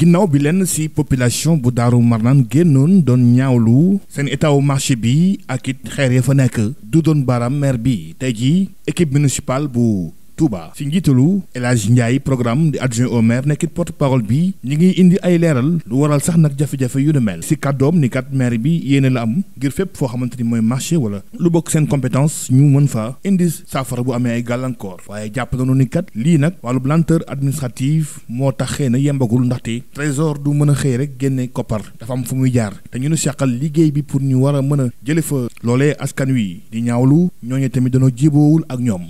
ginnaaw bi lenn ci population bu Daaru Marnaan génnoon doon ñaawlu seen état wu marché bi ak it xeer ya fa nekk du doon baram maire bi tey jii équipe municipale bu Touba ci njiitalu El Hadj Ndiaye programme di adjoint au maire nekkit porte parole bi ñi ngi indi ay leeral lu waral sax nag jafe-jafe yu ne mel ci kàddoom ni kat maire bi yéene la am ngir fépp foo xamante ni mooy marché wala lu bokk seen compétence ñu mën fa indi saafara bu amee ay gàllankoor waaye jàpp nañu ni kat lii nag wàllub lenteur administrative moo tax xëy na yembagul ndaxte trésor du mën a xëy rek génne koppar dafa am fu muy jaar te ñu nu seqal liggéey bi pour ñu war a mën a jële fa loolee askan wi di ñaawlu ñooñu tamit dañoo jiboowul ak ñoom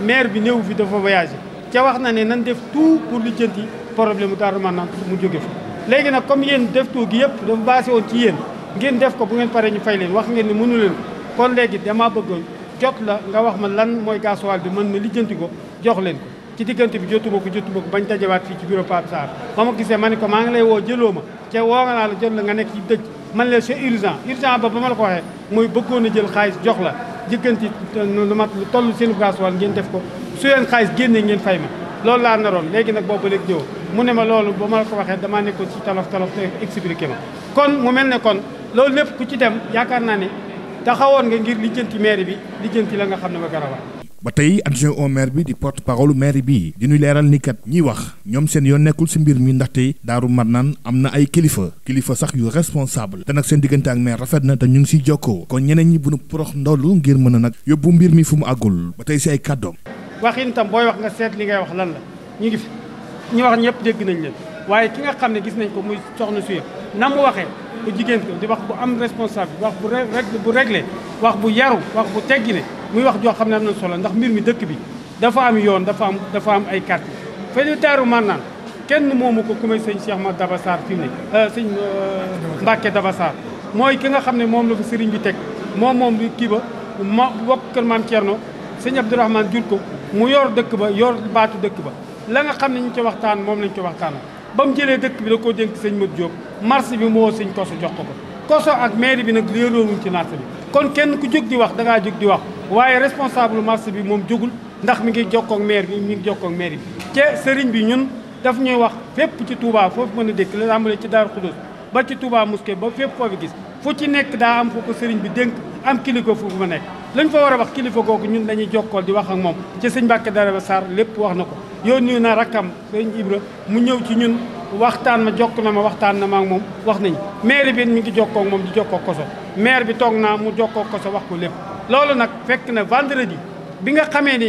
maire bi néew fi dafa voyagé ca wax na ne nan def tout pour lu jënti problème mu Darou Manane mu jóge fa. léegi nag comme yéen def tout gi yëpp dafa basé woon ci yéen ngeen def ko bu ngeen paree ñu fay leen wax ngeen ne mënu leen kon léegi damaa bëggoon jot la nga wax ma lan mooy gasoil bi man ma lijjanti ko jox leen ko. ci diggante bi jotuma ko jotuma ko bañ dajawaat fii ci bureau Pape Sarr ba ma gisee ma ne ko maa ngi lay woo jëloo ma te woo nga naa la jot la nga nekk ci dëj man la c'est urgent urgent ma la ko waxee mooy bëggoon a jël xaalis jox la jëkkanti euh, lu mat lu toll seen gaasuwaal ngeen def ko su leen xaalis génnee ngeen fay ma loolu laa naroon léegi nag boobu léegi ñëw mu ne ma loolu ba ma la ko waxee damaa nekkoon ci talof talof te expliqué ma kon mu mel ne kon loolu lépp ku ci dem yaakaar naa ne taxawoon nga ngir lijjanti maire bi lijjanti la nga xam ne ma garawaat ba tey adjoint au bi di porte parole maire bi di ñu leeral ni kat ñiy wax ñoom seen yoon nekkul ci mbir mi ndaxte Daaru Marnaan am na ay kilifa kilifa sax yu responsable te nag seen diggante ak maire rafet na te ñu ngi ciy jokkoo kon ñeneen ñi bu ñu porox ndolu ngir mën a nag yóbbu mbir mi fu mu àggul ba tey ci ay kàddoom. waxin tam booy wax nga seet li ngay wax lan la ñu ngi fi ñu wax ñëpp dégg nañ leen waaye ki nga xam ne gis nañ ko muy soxna suy muy wax joo xam ne am na solo ndax mbir mi dëkk bi dafa am yoon dafa am dafa am ay quartier fa ñu teeru man naan kenn moomu ko ku may sëñ Cheikh Mat Daba Sarr fi mu euh, sëñ euh, Mbacke Daba Sarr mooy ki nga xam ne moom la fa bi teg moom moom kii ba ma bokk kër maam Thierno sëñ Abdourahmane jur ko mu yor dëkk ba yor baatu dëkk ba la nga xam ne ñu ci waxtaan moom lañ ci waxtaan ba mu jëlee dëkk bi da koo dénk sëñ Modou Diop marché bi moo sëñ Koso jox ko ko Koso ak maire bi nag léerooruñ ci marché bi kon kenn ku jóg di wax dangaa jóg di wax waaye responsable marché bi moom jógul ndax mi ngi jokkoog maire bi mi ngi jokkoog maire bi te sëriñ bi ñun daf ñuy wax fépp ci tuubaa foofu mën a dëkk la tàmbale ci Daaru Xudóos ba ci Touba mosquée ba fépp foo fi gis fu ci nekk daa am fu ko sëriñ bi dénk am kilifa fu ma nekk lañ fa war a wax kilifa googu ñun dañuy jokkool di wax ak moom ci sëñ Mbàkke Dara Sarr lépp wax na ko yónni na rakkam sëriñ Ibra mu ñëw ci ñun waxtaan ma jokk na ma waxtaan na ma moom wax nañ maire bi mu ngi jokkoo moom di jokkoo koso maire bi toog naa mu jokkoo koso wax ko lépp loolu nag fekk na vendredi bi nga xamee ni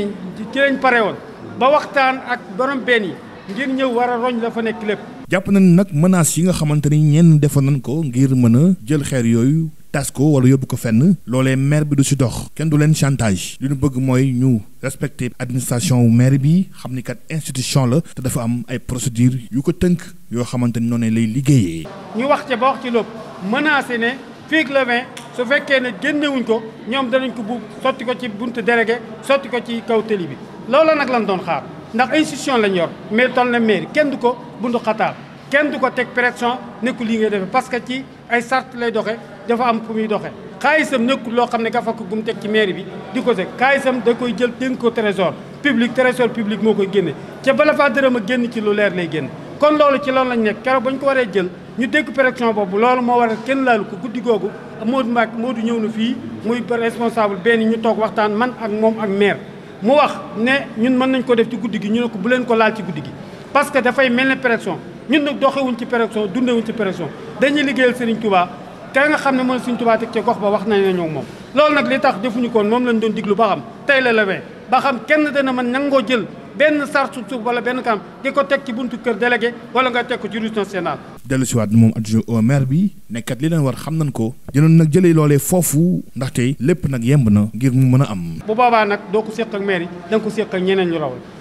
ci lañ pare woon ba waxtaan ak borom benn yi ngir ñëw war a roñ la fa nekk lépp jàpp nañ nag menaces yi nga xamante ni ñenn defoon nañ ko ngir mën a jël xeer yooyu tas ko wala yóbbu ko fenn loolee maire bi du si dox kenn du leen chantage li ñu bëgg mooy ñu respecter administration wu maire bi xam ni kat institution la te dafa am ay procédure yu ko tënk yoo xamante ni noonu lay liggéeyee. ñu wax ca ba wax ci lépp menacé ne fii le su fekkee ne génnewuñ ko ñoom danañ ko bu sotti ko ci buntu délégué sotti ko ci kaw tëli bi loolu nag lañ doon xaar ndax institution lañ yor mais toll na maire kenn du ko buntu xataal kenn du ko teg pression nekkul li ngay defee parce que ci ay sart lay doxee. dafa am ku muy doxee xaalisam nekkul loo xam ne gafa ko gum teg ci mairie bi di ko teg xaalisam da koy jël dénk ko trésor public trésor public moo koy génne ca bala faa dërëm a génn ci lu leer lay génn kon loolu ci loolu lañ nekk keroog bañ ko waree jël ñu dégg pression boobu loolu moo waral kenn laalu ko guddi googu Modou Mbacké Modou ñëw na fii muy responsable benn ñu toog waxtaan man ak moom ak maire mu wax ne ñun mën nañ ko def ci guddi gi ñu ne ko bu leen ko laal ci guddi gi parce que dafay mel ne pression ñun nag doxewuñ ci pression dundewuñ ci pression dañuy liggéeyal Serigne Touba ka nga xam ne mooy suñ Tuubaa ci gox ba wax nañ ne moom loolu nag li tax defuñu koon moom lañ doon diglu ba xam tey la lewee ba xam kenn dana mën nangoo jël benn sartu suuf wala benn kanam di ko teg ci buntu kër délégué wala nga teg ko ci route nationale dellu si waat moom adjoint au maire bi nekkat li leen war xam nañ ko dinoon nag jëlee loolee foofu ndaxte lépp nag yemb na ngir mu mën a am bu boobaa nag doo ko séq ak maire yi ko séq ak ñeneen ñu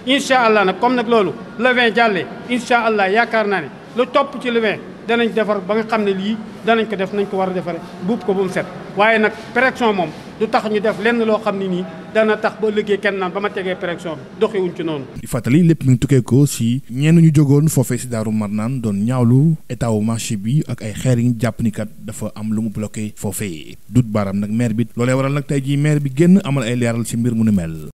incha allah nag comme nag loolu lewee jàllee incha allah yaakaar naa ne lu topp ci lewee danañ defar ba nga xam ne lii danañ ko def nañ ko war a defaree buub ko ba mu set waaye nag pression moom du tax ñu def lenn loo xam ne nii dana tax ba liggéey kenn naan ba ma tegee pression bi doxewuñ ci noonu. di fàttali lépp mi ngi tukkee ko si ñenn ñu jógoon foofee si Daaru naan doon ñaawlu état wu marché bi ak ay xeer yi jàpp ni dafa am lu mu bloqué foofee dut baaraam nag maire bi loolee waral nag tey jii maire bi génn amal ay leeral si mbir mu ni mel.